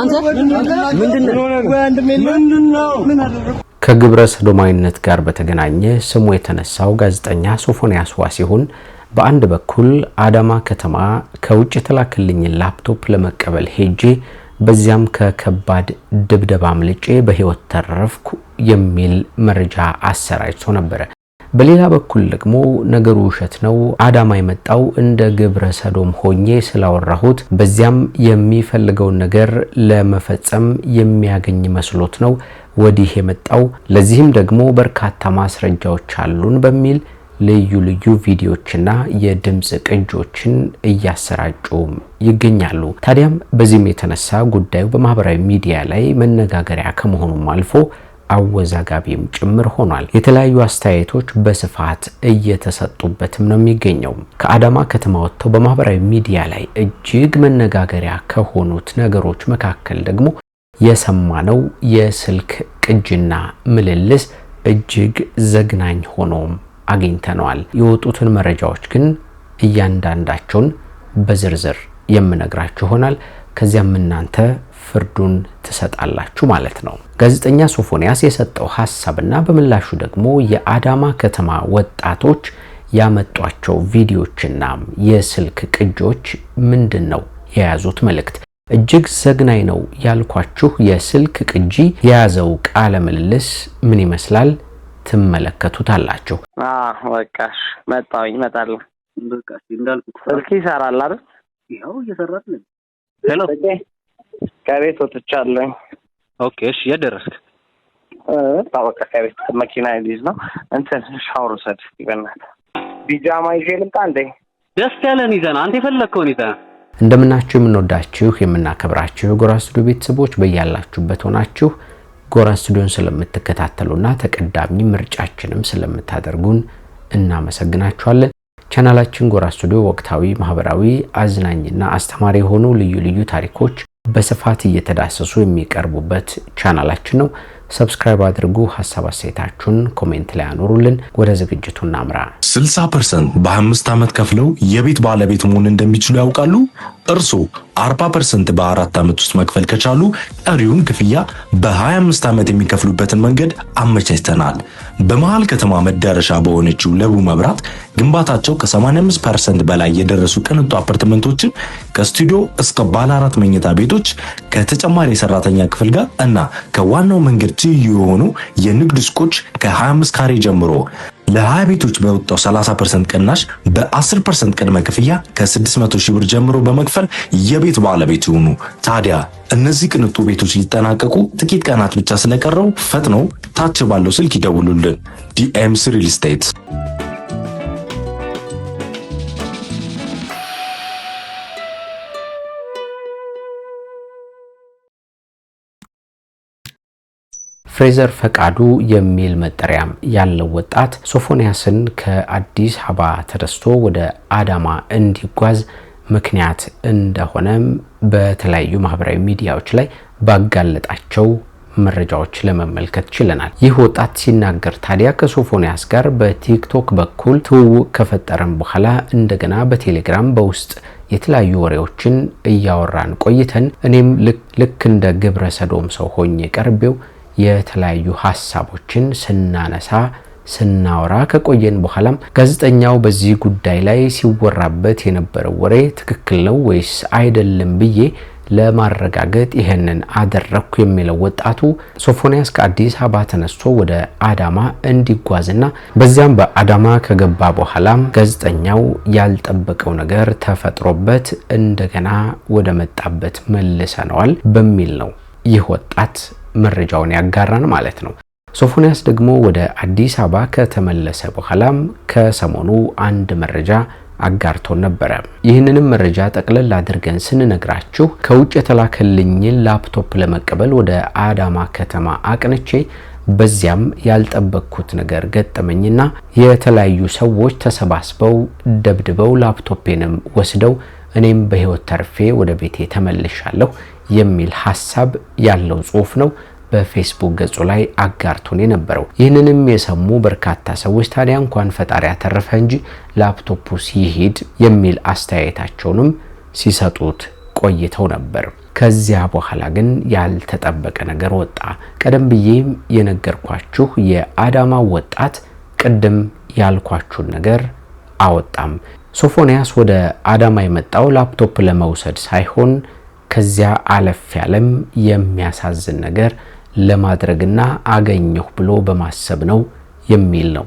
አንተ ከግብረ ሰዶማዊነት ጋር በተገናኘ ስሙ የተነሳው ጋዜጠኛ ሶፎንያስ ዋ ሲሆን በአንድ በኩል አዳማ ከተማ ከውጭ የተላከልኝን ላፕቶፕ ለመቀበል ሄጄ በዚያም ከከባድ ድብደባ ምልጬ በህይወት ተረፍኩ የሚል መረጃ አሰራጭቶ ነበረ። በሌላ በኩል ደግሞ ነገሩ ውሸት ነው። አዳማ የመጣው እንደ ግብረ ሰዶም ሆኜ ስላወራሁት በዚያም የሚፈልገውን ነገር ለመፈጸም የሚያገኝ መስሎት ነው ወዲህ የመጣው ለዚህም ደግሞ በርካታ ማስረጃዎች አሉን በሚል ልዩ ልዩ ቪዲዮዎችና የድምፅ ቅጆችን እያሰራጩም ይገኛሉ። ታዲያም በዚህም የተነሳ ጉዳዩ በማህበራዊ ሚዲያ ላይ መነጋገሪያ ከመሆኑም አልፎ አወዛጋቢም ጭምር ሆኗል። የተለያዩ አስተያየቶች በስፋት እየተሰጡበትም ነው የሚገኘው። ከአዳማ ከተማ ወጥተው በማህበራዊ ሚዲያ ላይ እጅግ መነጋገሪያ ከሆኑት ነገሮች መካከል ደግሞ የሰማነው የስልክ ቅጅና ምልልስ እጅግ ዘግናኝ ሆኖም አግኝተነዋል። የወጡትን መረጃዎች ግን እያንዳንዳቸውን በዝርዝር የምነግራችሁ ይሆናል። ከዚያም እናንተ ፍርዱን ትሰጣላችሁ ማለት ነው። ጋዜጠኛ ሶፎንያስ የሰጠው ሀሳብና በምላሹ ደግሞ የአዳማ ከተማ ወጣቶች ያመጧቸው ቪዲዮዎችና የስልክ ቅጂዎች ምንድን ነው የያዙት መልእክት? እጅግ ዘግናኝ ነው ያልኳችሁ የስልክ ቅጂ የያዘው ቃለ ምልልስ ምን ይመስላል? ትመለከቱታላችሁ። በቃሽ መጣሁኝ፣ እመጣለሁ። በቃ ስልክ ይሰራል አይደል? ይኸው ነው ሄሎ፣ ከቤት ወጥቻለሁ። ኦኬ፣ እሺ፣ የት ደረስክ? በቃ ከቤት መኪና ሊዝ ነው። እንትን ሻወር ውሰድ። ይበናል። ቢጃማ ይዤ ልምጣ እንዴ? ደስ ያለን ይዘህ ነው አንተ የፈለግከውን ይዘህ እንደምናችሁ የምንወዳችሁ የምናከብራችሁ የጎራ ስቱዲዮ ቤተሰቦች በያላችሁበት ሆናችሁ ጎራ ስቱዲዮን ስለምትከታተሉና ተቀዳሚ ምርጫችንም ስለምታደርጉን እናመሰግናችኋለን። ቻናላችን ጎራ ስቱዲዮ ወቅታዊ፣ ማህበራዊ፣ አዝናኝና አስተማሪ የሆኑ ልዩ ልዩ ታሪኮች በስፋት እየተዳሰሱ የሚቀርቡበት ቻናላችን ነው። ሰብስክራይብ አድርጉ። ሀሳብ አስተያየታችሁን ኮሜንት ላይ አኖሩልን። ወደ ዝግጅቱ እናምራ። 60 ፐርሰንት በአምስት 25 ዓመት ከፍለው የቤት ባለቤት መሆን እንደሚችሉ ያውቃሉ? እርስዎ 40 ፐርሰንት በአራት ዓመት ውስጥ መክፈል ከቻሉ ቀሪውን ክፍያ በ25 ዓመት የሚከፍሉበትን መንገድ አመቻችተናል። በመሃል ከተማ መዳረሻ በሆነችው ለቡ መብራት ግንባታቸው ከ85% በላይ የደረሱ ቅንጡ አፓርትመንቶችን ከስቱዲዮ እስከ ባለ አራት መኝታ ቤቶች ከተጨማሪ የሰራተኛ ክፍል ጋር እና ከዋናው መንገድ ትይዩ የሆኑ የንግድ ሱቆች ከ25 ካሬ ጀምሮ ለ20 ቤቶች በወጣው 30% ቅናሽ በ10% ቅድመ ክፍያ ከ600 ሺህ ብር ጀምሮ በመክፈል የቤት ባለቤት ይሁኑ። ታዲያ እነዚህ ቅንጡ ቤቶች ሊጠናቀቁ ጥቂት ቀናት ብቻ ስለቀረው ፈጥነው ታች ባለው ስልክ ይደውሉልን። ዲኤምሲ ሪል ስቴት ፍሬዘር ፈቃዱ የሚል መጠሪያም ያለው ወጣት ሶፎንያስን ከአዲስ አበባ ተደስቶ ወደ አዳማ እንዲጓዝ ምክንያት እንደሆነም በተለያዩ ማህበራዊ ሚዲያዎች ላይ ባጋለጣቸው መረጃዎች ለመመልከት ችለናል። ይህ ወጣት ሲናገር ታዲያ ከሶፎንያስ ጋር በቲክቶክ በኩል ትውውቅ ከፈጠረን በኋላ እንደገና በቴሌግራም በውስጥ የተለያዩ ወሬዎችን እያወራን ቆይተን እኔም ልክ እንደ ግብረ ሰዶም ሰው ሆኜ ቀርቤው የተለያዩ ሀሳቦችን ስናነሳ ስናወራ ከቆየን በኋላም ጋዜጠኛው በዚህ ጉዳይ ላይ ሲወራበት የነበረው ወሬ ትክክል ነው ወይስ አይደለም ብዬ ለማረጋገጥ ይህንን አደረግኩ የሚለው ወጣቱ ሶፎንያስ ከአዲስ አበባ ተነስቶ ወደ አዳማ እንዲጓዝና በዚያም በአዳማ ከገባ በኋላም ጋዜጠኛው ያልጠበቀው ነገር ተፈጥሮበት እንደገና ወደ መጣበት መልሰነዋል በሚል ነው ይህ ወጣት መረጃውን ያጋራን ማለት ነው። ሶፎንያስ ደግሞ ወደ አዲስ አበባ ከተመለሰ በኋላም ከሰሞኑ አንድ መረጃ አጋርቶን ነበረ። ይህንንም መረጃ ጠቅለል አድርገን ስንነግራችሁ ከውጭ የተላከልኝን ላፕቶፕ ለመቀበል ወደ አዳማ ከተማ አቅንቼ በዚያም ያልጠበቅኩት ነገር ገጠመኝና የተለያዩ ሰዎች ተሰባስበው ደብድበው ላፕቶፔንም ወስደው እኔም በህይወት ተርፌ ወደ ቤቴ ተመልሻለሁ። የሚል ሀሳብ ያለው ጽሁፍ ነው በፌስቡክ ገጹ ላይ አጋርቶን የነበረው። ይህንንም የሰሙ በርካታ ሰዎች ታዲያ እንኳን ፈጣሪ ያተረፈ እንጂ ላፕቶፑ ሲሄድ የሚል አስተያየታቸውንም ሲሰጡት ቆይተው ነበር። ከዚያ በኋላ ግን ያልተጠበቀ ነገር ወጣ። ቀደም ብዬም የነገርኳችሁ የአዳማ ወጣት ቅድም ያልኳችሁን ነገር አወጣም። ሶፎንያስ ወደ አዳማ የመጣው ላፕቶፕ ለመውሰድ ሳይሆን ከዚያ አለፍ ያለም የሚያሳዝን ነገር ለማድረግና አገኘሁ ብሎ በማሰብ ነው የሚል ነው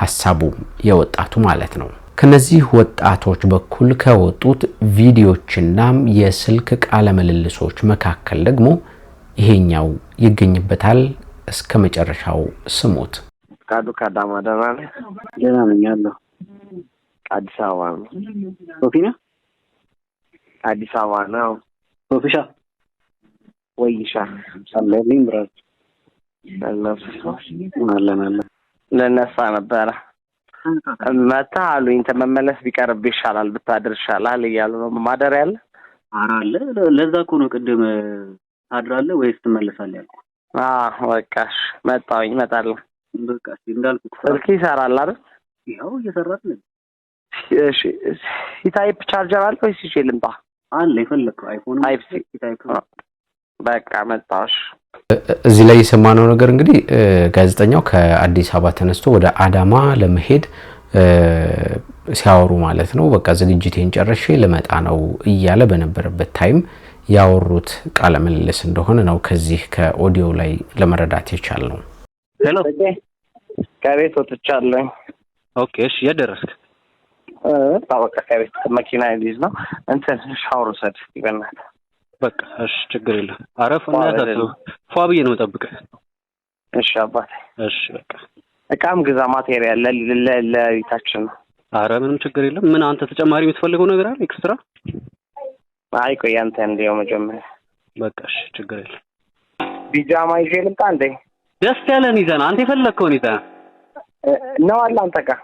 ሀሳቡም የወጣቱ ማለት ነው። ከነዚህ ወጣቶች በኩል ከወጡት ቪዲዮዎችናም የስልክ ቃለ ምልልሶች መካከል ደግሞ ይሄኛው ይገኝበታል። እስከ መጨረሻው ስሙት። ፍቃዱ ከአዳማ ደራ ነህ? ደህና ነኝ አለሁ። አዲስ አበባ ነው ሶፊና አዲስ አበባ ነው ወይሻ ወይሻ አለልኝ ብራዝ አለን አለን ልነሳ ነበረ መታ አሉኝ። ተመመለስ ቢቀርብ ይሻላል ብታድር ይሻላል እያሉ ነው። ማደር ያለ አራለ ለዛ እኮ ነው ቅድም ታድራለ ወይስ ትመለሳለህ ያልኩህ። በቃሽ እሺ መጣሁኝ፣ እመጣለሁ። በቃ እንዳልኩ ስልክ ይሰራል አይደል? ያው እየሰራልን። እሺ ሲታይፕ ቻርጀር አለ ወይስ ይችልምጣ አለ የፈለግከው አይፎን በቃ መጣሽ። እዚህ ላይ የሰማነው ነገር እንግዲህ ጋዜጠኛው ከአዲስ አበባ ተነስቶ ወደ አዳማ ለመሄድ ሲያወሩ ማለት ነው። በቃ ዝግጅቴን ጨርሼ ልመጣ ነው እያለ በነበረበት ታይም ያወሩት ቃለ ምልልስ እንደሆነ ነው ከዚህ ከኦዲዮ ላይ ለመረዳት የቻልነው። ከቤት ወጥቻለሁ። ኦኬ፣ እሺ የደረስክ በቃ ከቤት መኪና ሊዝ ነው እንትን ሻወር ውሰድ ይበናል። በቃ እሺ፣ ችግር የለም አረፍ እናያሳስበው። ፏ ብዬ ነው ጠብቀ። እሺ አባቴ፣ እሺ በቃ እቃም ግዛ ማቴሪያል ለቤታችን ነው። አረ ምንም ችግር የለም። ምን አንተ ተጨማሪ የምትፈልገው ነገር አለ ኤክስትራ? አይ ቆይ አንተ እንዲያው መጀመሪያ በቃ እሺ፣ ችግር የለም። ቢጃማ ይዤ ልምጣ እንዴ? ደስ ያለን ይዘና አንተ የፈለግከውን ይዘና ነው አለ አንተ ጋር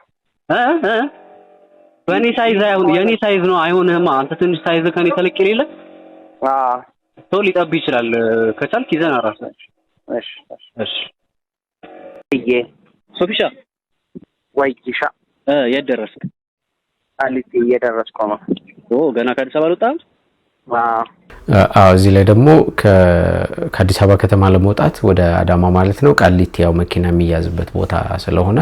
በእኔ ሳይዝ አይሆን የእኔ ሳይዝ ነው አይሆንህማ። አንተ ትንሽ ሳይዝ ከኔ ተለቅ የሌለ ሰው ሊጠብ ይችላል። ከቻልክ ይዘን አራስ እሺ፣ እሺ። እዬ ሶፊሻ ወይሻ እ የት ደረስክ? አሊቲ እየደረስኩ ነው። ኦ ገና ከአዲስ አበባ አልወጣም። አዎ እዚህ ላይ ደግሞ ከአዲስ አበባ ከተማ ለመውጣት ወደ አዳማ ማለት ነው ቃሊቲ ያው መኪና የሚያዝበት ቦታ ስለሆነ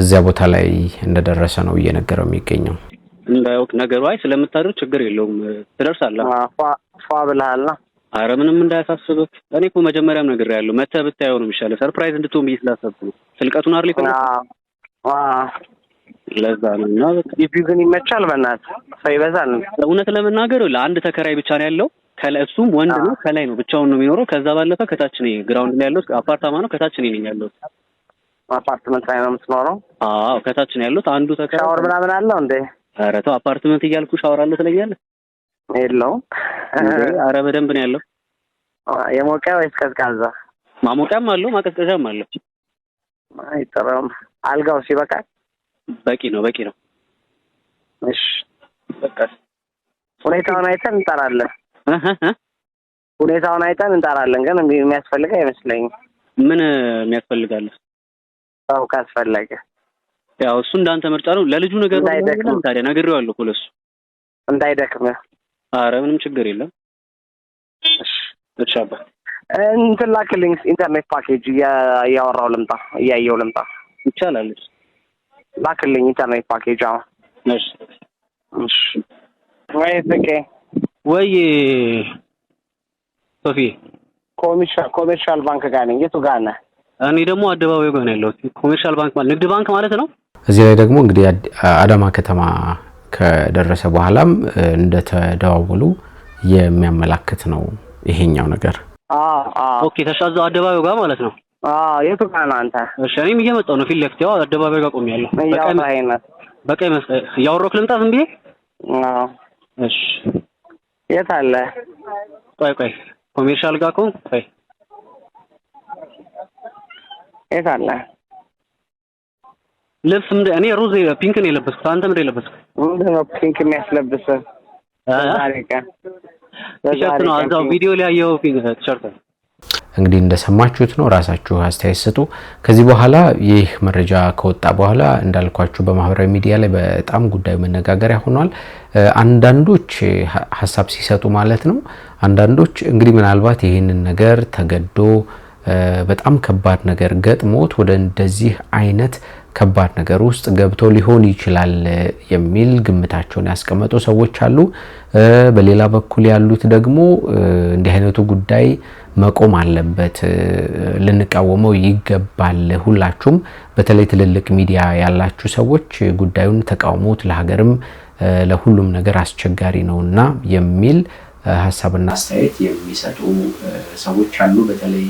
እዚያ ቦታ ላይ እንደደረሰ ነው እየነገረው የሚገኘው። እንዳያውቅ ነገሩ አይ ስለምታደርግ ችግር የለውም ትደርሳለህ፣ ፏ ብለሃልና አረ ምንም እንዳያሳስብህ። እኔ እኮ መጀመሪያም ነገር ያለው መተ ብታየው ነው የሚሻለው። ሰርፕራይዝ እንድትሆን ብዬ ስላሰብኩ ነው። ስልቀቱን አር ለዛ ነው እና ግቢው ግን ይመቻል። በናት ሰው ይበዛል። እውነት ለመናገር ለአንድ ተከራይ ብቻ ነው ያለው። እሱም ወንድ ነው። ከላይ ነው ብቻውን ነው የሚኖረው። ከዛ ባለፈ ከታች እኔ ግራውንድ ላይ ያለው አፓርታማ ነው። ከታች እኔ ነኝ አፓርትመንት ላይ ነው የምትኖረው? አዎ ከታች ነው ያሉት። አንዱ ተከራ ሻወር ምናምን አለው እንዴ? ኧረ ተው አፓርትመንት እያልኩ ሻወር አለው ትለኛለህ? የለውም። ኧረ በደንብ ነው ያለው። የሞቂያ ወይስ ቀዝቃዛ? ማሞቂያም አለው ማቀዝቀዣም አለው። አይጠራም። አልጋው ሲበቃ በቂ ነው በቂ ነው። እሺ በቃ ሁኔታውን አይተን እንጠራለን። ሁኔታውን አይተን እንጠራለን። ግን የሚያስፈልግ አይመስለኝም። ምን የሚያስፈልጋለህ? አዎ ካስፈለገ ያው እሱ እንዳንተ ምርጫ ነው። ለልጁ ነገር ታዲያ ነግሬዋለሁ እኮ ለሱ እንዳይደክም። አረ ምንም ችግር የለም። እሺ አባ እንትን ላክልኝ ኢንተርኔት ፓኬጅ እያወራው ልምጣ፣ እያየው ልምጣ። ይቻላል። ላክልኝ ኢንተርኔት ፓኬጅ። አዎ እሺ እሺ። ወይ ፍቄ ወይ ሶፊ ኮሜርሻል ኮሜርሻል ባንክ ጋር ነኝ። የቱ ጋር ነህ? እኔ ደግሞ አደባባይ ጋር ነው ያለሁት። ኮሜርሻል ባንክ ማለት ንግድ ባንክ ማለት ነው። እዚህ ላይ ደግሞ እንግዲህ አዳማ ከተማ ከደረሰ በኋላም እንደተደዋወሉ የሚያመላክት ነው ይሄኛው ነገር። ኦኬ ተሻዘው አደባባይ ጋር ማለት ነው። የቱ ጋር ነው አንተ? እሺ እኔም እየመጣሁ ነው ፊት ለፊት ያው አደባባይ ጋር ቆሜያለሁ። በቀይ መስቀል እያወራሁ ልምጣ ዝም ብዬ። እሺ የት አለ? ቆይ ቆይ ኮሜርሻል ጋር ቆይ የት አለ ልብስ? እኔ ሮዝ ፒንክ ነው የለበስኩት። አንተ ምንድን ነው የለበስኩት? ምንድን ነው ፒንክ የሚያስለብስ? ቲሸርት ነው እዛው ቪዲዮ ላይ ያየው ፒንክ ቲሸርት ነው። እንግዲህ እንደሰማችሁት ነው። ራሳችሁ አስተያየት ስጡ። ከዚህ በኋላ ይህ መረጃ ከወጣ በኋላ እንዳልኳችሁ በማህበራዊ ሚዲያ ላይ በጣም ጉዳዩ መነጋገሪያ ሆኗል። አንዳንዶች ሀሳብ ሲሰጡ ማለት ነው። አንዳንዶች እንግዲህ ምናልባት ይህንን ነገር ተገዶ በጣም ከባድ ነገር ገጥሞት ወደ እንደዚህ አይነት ከባድ ነገር ውስጥ ገብቶ ሊሆን ይችላል የሚል ግምታቸውን ያስቀመጡ ሰዎች አሉ። በሌላ በኩል ያሉት ደግሞ እንዲህ አይነቱ ጉዳይ መቆም አለበት፣ ልንቃወመው ይገባል። ሁላችሁም በተለይ ትልልቅ ሚዲያ ያላችሁ ሰዎች ጉዳዩን ተቃውሞት ለሀገርም ለሁሉም ነገር አስቸጋሪ ነውና የሚል ሀሳብና አስተያየት የሚሰጡ ሰዎች አሉ በተለይ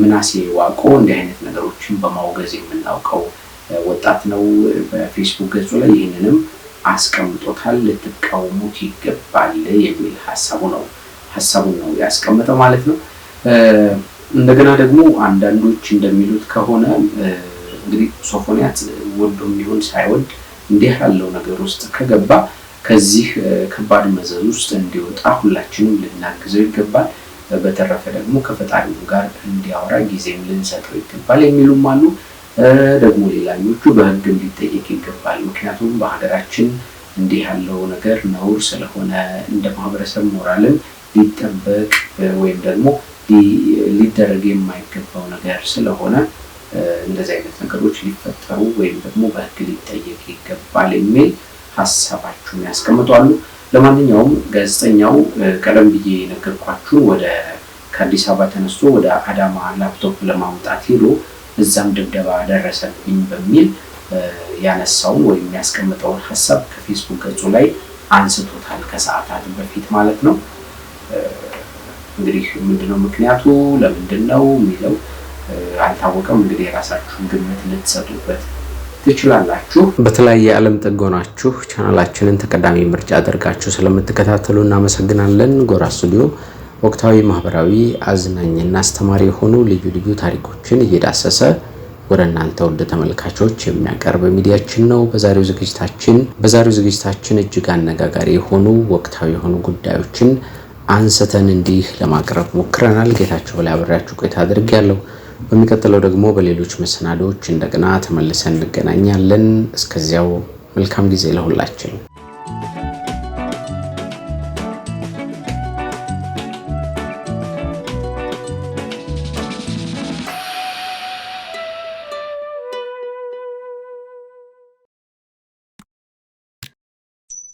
ምናሴ ዋቆ እንዲህ አይነት ነገሮችን በማውገዝ የምናውቀው ወጣት ነው። በፌስቡክ ገጹ ላይ ይህንንም አስቀምጦታል። ልትቃወሙት ይገባል የሚል ሀሳቡ ነው ሀሳቡ ነው ያስቀመጠው ማለት ነው። እንደገና ደግሞ አንዳንዶች እንደሚሉት ከሆነ እንግዲህ ሶፎንያት ወዶ የሚሆን ሳይወድ እንዲህ ያለው ነገር ውስጥ ከገባ ከዚህ ከባድ መዘዝ ውስጥ እንዲወጣ ሁላችንም ልናግዘው ይገባል። በተረፈ ደግሞ ከፈጣሪው ጋር እንዲያወራ ጊዜም ልንሰጠው ይገባል የሚሉም አሉ። ደግሞ ሌላኞቹ በህግ ሊጠየቅ ይገባል። ምክንያቱም በሀገራችን እንዲህ ያለው ነገር ነውር ስለሆነ እንደ ማህበረሰብ ሞራልን ሊጠበቅ ወይም ደግሞ ሊደረግ የማይገባው ነገር ስለሆነ እንደዚህ አይነት ነገሮች ሊፈጠሩ ወይም ደግሞ በህግ ሊጠየቅ ይገባል የሚል ሀሳባችሁን ያስቀምጧሉ። ለማንኛውም ጋዜጠኛው ቀደም ብዬ የነገርኳችሁን ወደ ከአዲስ አበባ ተነስቶ ወደ አዳማ ላፕቶፕ ለማምጣት ሄዶ እዛም ድብደባ ደረሰብኝ በሚል ያነሳውን ወይም ያስቀምጠውን ሀሳብ ከፌስቡክ ገጹ ላይ አንስቶታል፣ ከሰዓታት በፊት ማለት ነው። እንግዲህ ምንድነው ምክንያቱ ለምንድን ነው የሚለው አልታወቀም። እንግዲህ የራሳችሁን ግምት ልትሰጡበት ትችላላችሁ። በተለያየ ዓለም ጥግ ሆናችሁ ቻናላችንን ተቀዳሚ ምርጫ አድርጋችሁ ስለምትከታተሉ እናመሰግናለን። ጎራ ስቱዲዮ ወቅታዊ፣ ማህበራዊ፣ አዝናኝና አስተማሪ የሆኑ ልዩ ልዩ ታሪኮችን እየዳሰሰ ወደ እናንተ ውድ ተመልካቾች የሚያቀርብ ሚዲያችን ነው። በዛሬው ዝግጅታችን በዛሬው ዝግጅታችን እጅግ አነጋጋሪ የሆኑ ወቅታዊ የሆኑ ጉዳዮችን አንስተን እንዲህ ለማቅረብ ሞክረናል። ጌታቸው ላይ አብሬያችሁ ቆይታ አድርጌያለሁ። በሚቀጥለው ደግሞ በሌሎች መሰናዶዎች እንደገና ተመልሰን እንገናኛለን። እስከዚያው መልካም ጊዜ ለሁላችን።